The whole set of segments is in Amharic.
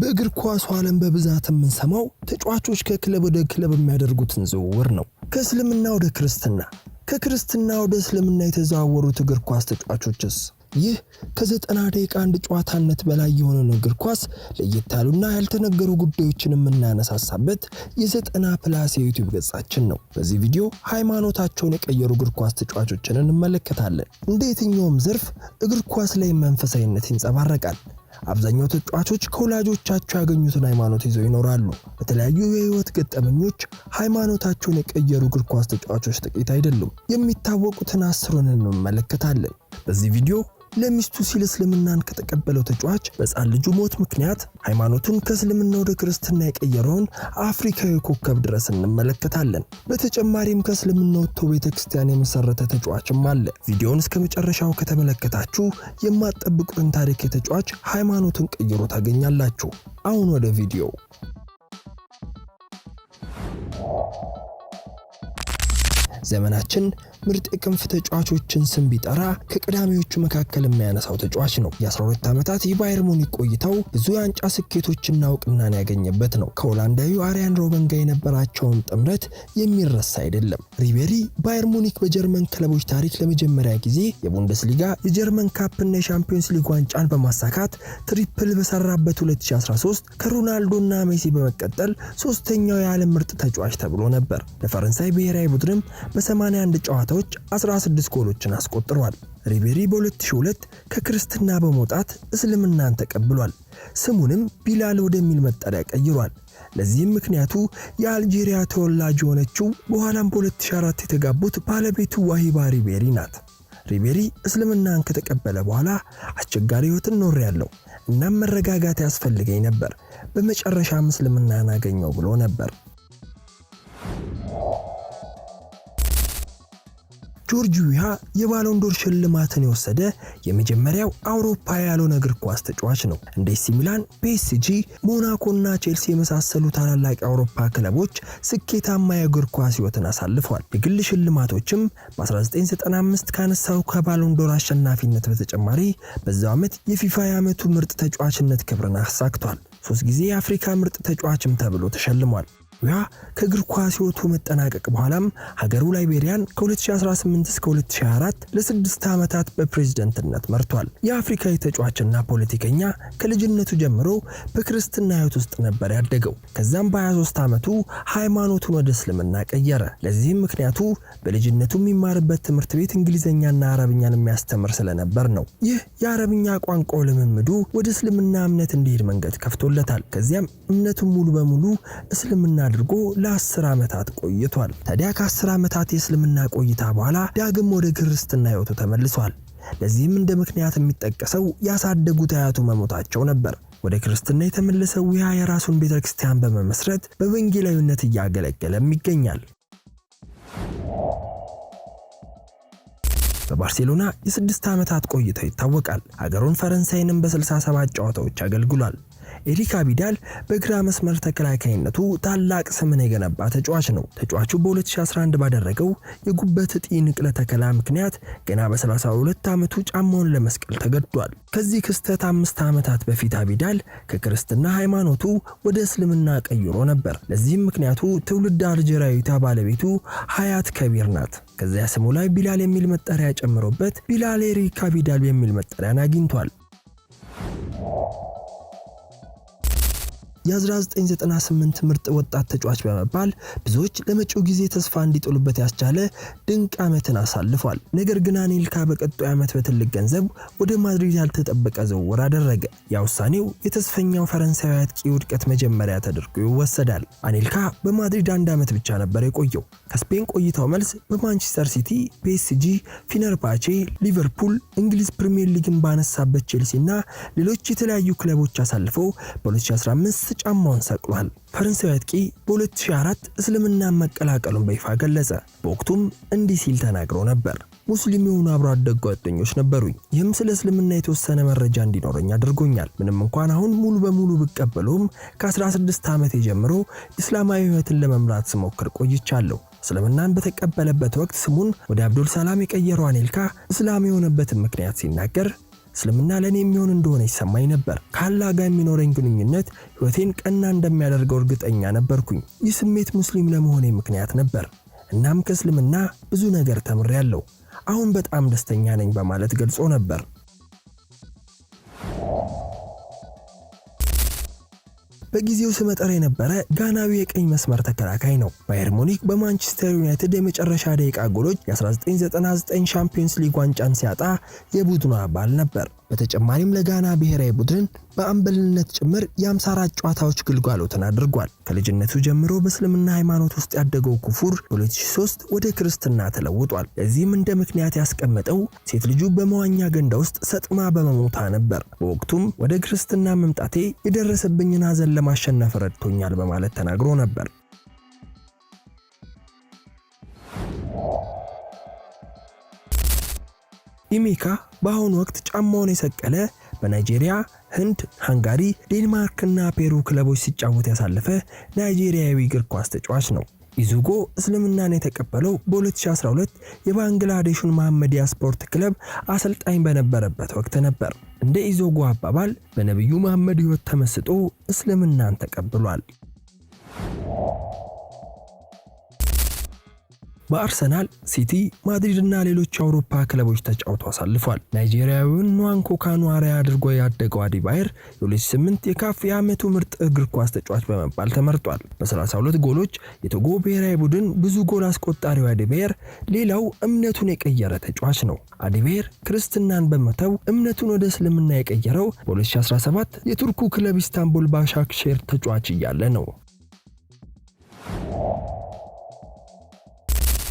በእግር ኳሱ ዓለም በብዛት የምንሰማው ተጫዋቾች ከክለብ ወደ ክለብ የሚያደርጉትን ዝውውር ነው። ከእስልምና ወደ ክርስትና፣ ከክርስትና ወደ እስልምና የተዘዋወሩት እግር ኳስ ተጫዋቾችስ? ይህ ከዘጠና ደቂቃ አንድ ጨዋታነት በላይ የሆነውን እግር ኳስ ለየት ያሉና ያልተነገሩ ጉዳዮችን የምናነሳሳበት የዘጠና ፕላስ የዩቲዩብ ገጻችን ነው። በዚህ ቪዲዮ ሃይማኖታቸውን የቀየሩ እግር ኳስ ተጫዋቾችን እንመለከታለን። እንደ የትኛውም ዘርፍ እግር ኳስ ላይ መንፈሳዊነት ይንጸባረቃል። አብዛኛው ተጫዋቾች ከወላጆቻቸው ያገኙትን ሃይማኖት ይዘው ይኖራሉ። በተለያዩ የህይወት ገጠመኞች ሃይማኖታቸውን የቀየሩ እግር ኳስ ተጫዋቾች ጥቂት አይደሉም። የሚታወቁትን አስሩን እንመለከታለን በዚህ ቪዲዮ። ለሚስቱ ሲል እስልምናን ከተቀበለው ተጫዋች በሕፃን ልጁ ሞት ምክንያት ሃይማኖቱን ከእስልምና ወደ ክርስትና የቀየረውን አፍሪካዊ ኮከብ ድረስ እንመለከታለን። በተጨማሪም ከእስልምና ወጥቶ ቤተ ክርስቲያን የመሰረተ ተጫዋችም አለ። ቪዲዮውን እስከ መጨረሻው ከተመለከታችሁ የማትጠብቁትን ታሪክ የተጫዋች ሃይማኖቱን ቀይሮ ታገኛላችሁ። አሁን ወደ ቪዲዮው ዘመናችን ምርጥ የክንፍ ተጫዋቾችን ስም ቢጠራ ከቀዳሚዎቹ መካከል የሚያነሳው ተጫዋች ነው። የ12 ዓመታት የባየር ሙኒክ ቆይታው ብዙ የዋንጫ ስኬቶችና እውቅናን ያገኘበት ነው። ከሆላንዳዊ አሪያን ሮበን ጋር የነበራቸውን ጥምረት የሚረሳ አይደለም። ሪቤሪ ባየር ሙኒክ በጀርመን ክለቦች ታሪክ ለመጀመሪያ ጊዜ የቡንደስሊጋ የጀርመን ካፕና የሻምፒዮንስ ሊግ ዋንጫን በማሳካት ትሪፕል በሰራበት 2013 ከሮናልዶና ሜሲ በመቀጠል ሶስተኛው የዓለም ምርጥ ተጫዋች ተብሎ ነበር። ለፈረንሳይ ብሔራዊ ቡድንም በ81 ጨዋታዎች 16 ጎሎችን አስቆጥሯል። ሪቤሪ በ2002 ከክርስትና በመውጣት እስልምናን ተቀብሏል። ስሙንም ቢላል ወደሚል መጠሪያ ቀይሯል። ለዚህም ምክንያቱ የአልጄሪያ ተወላጅ የሆነችው በኋላም በ2004 የተጋቡት ባለቤቱ ዋሂባ ሪቤሪ ናት። ሪቤሪ እስልምናን ከተቀበለ በኋላ አስቸጋሪ ሕይወትን ኖር ያለው እናም መረጋጋት ያስፈልገኝ ነበር፣ በመጨረሻም እስልምናን አገኘው ብሎ ነበር። ጆርጂያ የባሎንዶር ሽልማትን የወሰደ የመጀመሪያው አውሮፓ ያልሆነ እግር ኳስ ተጫዋች ነው። እንደ ኤሲ ሚላን፣ ፒኤስጂ፣ ሞናኮና ቼልሲ የመሳሰሉ ታላላቅ የአውሮፓ ክለቦች ስኬታማ የእግር ኳስ ህይወትን አሳልፈዋል። የግል ሽልማቶችም በ1995 ካነሳው ከባሎንዶር አሸናፊነት በተጨማሪ በዛው ዓመት የፊፋ የዓመቱ ምርጥ ተጫዋችነት ክብርን አሳክቷል። ሶስት ጊዜ የአፍሪካ ምርጥ ተጫዋችም ተብሎ ተሸልሟል። ያ ከእግር ኳስ ህይወቱ መጠናቀቅ በኋላም ሀገሩ ላይቤሪያን ከ2018 እስከ 2024 ለስድስት ዓመታት በፕሬዝደንትነት መርቷል። የአፍሪካዊ ተጫዋችና ፖለቲከኛ ከልጅነቱ ጀምሮ በክርስትና ህይወት ውስጥ ነበር ያደገው። ከዛም በ23 ዓመቱ ሃይማኖቱን ወደ እስልምና ቀየረ። ለዚህም ምክንያቱ በልጅነቱ የሚማርበት ትምህርት ቤት እንግሊዝኛና አረብኛን የሚያስተምር ስለነበር ነው። ይህ የአረብኛ ቋንቋው ልምምዱ ወደ እስልምና እምነት እንዲሄድ መንገድ ከፍቶለታል። ከዚያም እምነቱን ሙሉ በሙሉ እስልምና አድርጎ ለአስር ዓመታት ቆይቷል። ታዲያ ከአስር ዓመታት የእስልምና ቆይታ በኋላ ዳግም ወደ ክርስትና ህይወቱ ተመልሷል። ለዚህም እንደ ምክንያት የሚጠቀሰው ያሳደጉት አያቱ መሞታቸው ነበር። ወደ ክርስትና የተመለሰው ይህ የራሱን ቤተ ክርስቲያን በመመስረት በወንጌላዊነት እያገለገለም ይገኛል። በባርሴሎና የስድስት ዓመታት ቆይታ ይታወቃል። ሀገሩን ፈረንሳይንም በ67 ጨዋታዎች አገልግሏል። ኤሊካ ቢዳል በግራ መስመር ተከላካይነቱ ታላቅ ስምን የገነባ ተጫዋች ነው። ተጫዋቹ በ2011 ባደረገው የጉበት እጢ ንቅለ ተከላ ምክንያት ገና በ32 ዓመቱ ጫማውን ለመስቀል ተገዷል። ከዚህ ክስተት አምስት ዓመታት በፊት አቢዳል ከክርስትና ሃይማኖቱ ወደ እስልምና ቀይሮ ነበር። ለዚህም ምክንያቱ ትውልድ አልጀራዊቷ ባለቤቱ ሀያት ከቢር ናት። ከዚያ ስሙ ላይ ቢላል የሚል መጠሪያ ጨምሮበት ቢላል ሪካ ቢዳል የሚል መጠሪያን አግኝቷል። የ1998 ምርጥ ወጣት ተጫዋች በመባል ብዙዎች ለመጪው ጊዜ ተስፋ እንዲጥሉበት ያስቻለ ድንቅ ዓመትን አሳልፏል። ነገር ግን አኔልካ በቀጣዩ ዓመት በትልቅ ገንዘብ ወደ ማድሪድ ያልተጠበቀ ዝውውር አደረገ። ያ ውሳኔው የተስፈኛው ፈረንሳዊ አጥቂ ውድቀት መጀመሪያ ተደርጎ ይወሰዳል። አኔልካ በማድሪድ አንድ ዓመት ብቻ ነበር የቆየው። ከስፔን ቆይታው መልስ በማንቸስተር ሲቲ፣ ፒኤስጂ፣ ፊነርባቼ፣ ሊቨርፑል፣ እንግሊዝ ፕሪምየር ሊግን ባነሳበት ቼልሲ እና ሌሎች የተለያዩ ክለቦች አሳልፈው በ2015 ጫማውን ሰቅሏል። ፈረንሳዊ አጥቂ በ2004 እስልምናን መቀላቀሉን በይፋ ገለጸ። በወቅቱም እንዲህ ሲል ተናግሮ ነበር። ሙስሊም የሆኑ አብሮ አደግ ጓደኞች ነበሩኝ። ይህም ስለ እስልምና የተወሰነ መረጃ እንዲኖረኝ አድርጎኛል። ምንም እንኳን አሁን ሙሉ በሙሉ ብቀበለውም ከ16 ዓመቴ ጀምሮ እስላማዊ ሕይወትን ለመምራት ስሞክር ቆይቻለሁ። እስልምናን በተቀበለበት ወቅት ስሙን ወደ አብዱል ሰላም የቀየረው አኔልካ እስላም የሆነበትን ምክንያት ሲናገር እስልምና ለእኔ የሚሆን እንደሆነ ይሰማኝ ነበር። ከአላህ ጋር የሚኖረኝ ግንኙነት ሕይወቴን ቀና እንደሚያደርገው እርግጠኛ ነበርኩኝ። ይህ ስሜት ሙስሊም ለመሆኔ ምክንያት ነበር። እናም ከእስልምና ብዙ ነገር ተምሬያለሁ፣ አሁን በጣም ደስተኛ ነኝ በማለት ገልጾ ነበር። በጊዜው ስመጥር የነበረ ጋናዊ የቀኝ መስመር ተከላካይ ነው። ባየር ሙኒክ በማንቸስተር ዩናይትድ የመጨረሻ ደቂቃ ጎሎች የ1999 ሻምፒዮንስ ሊግ ዋንጫን ሲያጣ የቡድኑ አባል ነበር። በተጨማሪም ለጋና ብሔራዊ ቡድን በአምበልነት ጭምር የ ጨዋታዎች ግልጓሎትን አድርጓል። ከልጅነቱ ጀምሮ በእስልምና ሃይማኖት ውስጥ ያደገው ኩፉር በ2003 ወደ ክርስትና ተለውጧል። ለዚህም እንደ ምክንያት ያስቀመጠው ሴት ልጁ በመዋኛ ገንዳ ውስጥ ሰጥማ በመሞቷ ነበር። በወቅቱም ወደ ክርስትና መምጣቴ የደረሰብኝን ሐዘን ለማሸነፍ ረድቶኛል በማለት ተናግሮ ነበር። ኢሜካ በአሁኑ ወቅት ጫማውን የሰቀለ በናይጄሪያ፣ ህንድ፣ ሃንጋሪ፣ ዴንማርክና ፔሩ ክለቦች ሲጫወት ያሳለፈ ናይጄሪያዊ እግር ኳስ ተጫዋች ነው። ኢዙጎ እስልምናን የተቀበለው በ2012 የባንግላዴሹን መሐመዲያ ስፖርት ክለብ አሰልጣኝ በነበረበት ወቅት ነበር። እንደ ኢዞጎ አባባል በነቢዩ መሐመድ ሕይወት ተመስጦ እስልምናን ተቀብሏል። በአርሰናል፣ ሲቲ፣ ማድሪድ እና ሌሎች የአውሮፓ ክለቦች ተጫውቶ አሳልፏል። ናይጄሪያዊውን ኗንኮ ካኗሪ አድርጎ ያደገው አዲባይር የ2008 የካፍ የዓመቱ ምርጥ እግር ኳስ ተጫዋች በመባል ተመርጧል። በ32 ጎሎች የቶጎ ብሔራዊ ቡድን ብዙ ጎል አስቆጣሪው አዲባይር ሌላው እምነቱን የቀየረ ተጫዋች ነው። አዲባይር ክርስትናን በመተው እምነቱን ወደ እስልምና የቀየረው በ2017 የቱርኩ ክለብ ኢስታንቡል ባሻክሼር ተጫዋች እያለ ነው።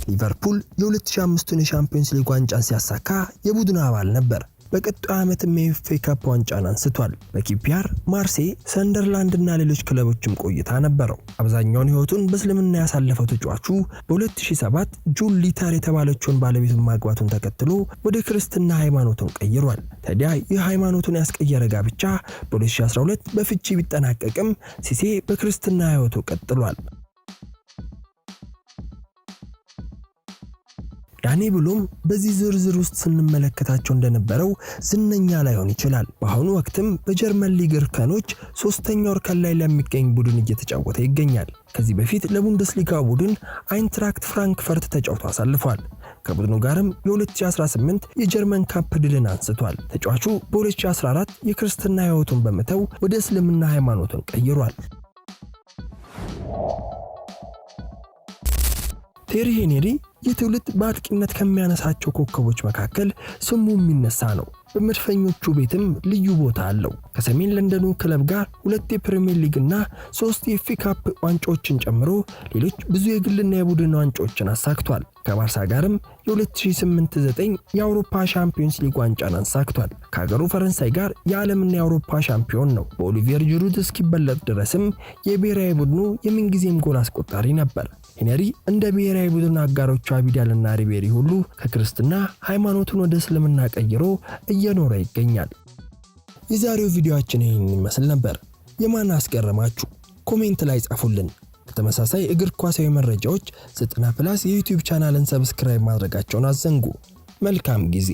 ሊቨርፑል የ2005ቱን የሻምፒዮንስ ሊግ ዋንጫን ሲያሳካ የቡድን አባል ነበር። በቀጣዩ ዓመትም የኤፍኤ ካፕ ዋንጫን አንስቷል። በኪፒያር፣ ማርሴይ፣ ሰንደርላንድ እና ሌሎች ክለቦችም ቆይታ ነበረው። አብዛኛውን ሕይወቱን በእስልምና ያሳለፈው ተጫዋቹ በ2007 ጁል ሊተር የተባለችውን ባለቤቱን ማግባቱን ተከትሎ ወደ ክርስትና ሃይማኖቱን ቀይሯል። ታዲያ ይህ ሃይማኖቱን ያስቀየረ ጋብቻ በ2012 በፍቺ ቢጠናቀቅም ሲሴ በክርስትና ሕይወቱ ቀጥሏል። ዳኒ ብሎም በዚህ ዝርዝር ውስጥ ስንመለከታቸው እንደነበረው ዝነኛ ላይሆን ይችላል። በአሁኑ ወቅትም በጀርመን ሊግ እርከኖች ሶስተኛ እርከን ላይ ለሚገኝ ቡድን እየተጫወተ ይገኛል። ከዚህ በፊት ለቡንደስሊጋ ቡድን አይንትራክት ፍራንክፈርት ተጫውቶ አሳልፏል። ከቡድኑ ጋርም የ2018 የጀርመን ካፕ ድልን አንስቷል። ተጫዋቹ በ2014 የክርስትና ሕይወቱን በመተው ወደ እስልምና ሃይማኖትን ቀይሯል። ቴሪ ሄኔሪ ትውልድ በአጥቂነት ከሚያነሳቸው ኮከቦች መካከል ስሙ የሚነሳ ነው። በመድፈኞቹ ቤትም ልዩ ቦታ አለው። ከሰሜን ለንደኑ ክለብ ጋር ሁለት የፕሪምየር ሊግና ሶስት የኤፍ ካፕ ዋንጫዎችን ጨምሮ ሌሎች ብዙ የግልና የቡድን ዋንጫዎችን አሳክቷል። ከባርሳ ጋርም የ2008/9 የአውሮፓ ሻምፒዮንስ ሊግ ዋንጫን አንሳክቷል። ከሀገሩ ፈረንሳይ ጋር የዓለምና የአውሮፓ ሻምፒዮን ነው። በኦሊቪየር ጅሩድ እስኪበለጥ ድረስም የብሔራዊ ቡድኑ የምንጊዜም ጎል አስቆጣሪ ነበር። ሄነሪ እንደ ብሔራዊ ቡድን አጋሮቹ አቢዳልና ሪቤሪ ሁሉ ከክርስትና ሃይማኖቱን ወደ እስልምና ቀይሮ እየኖረ ይገኛል። የዛሬው ቪዲዮአችን ይህን ይመስል ነበር። የማን አስገረማችሁ? ኮሜንት ላይ ጻፉልን። ተመሳሳይ እግር ኳሳዊ መረጃዎች ዘጠና ፕላስ የዩቲዩብ ቻናልን ሰብስክራይብ ማድረጋቸውን አዘንጉ። መልካም ጊዜ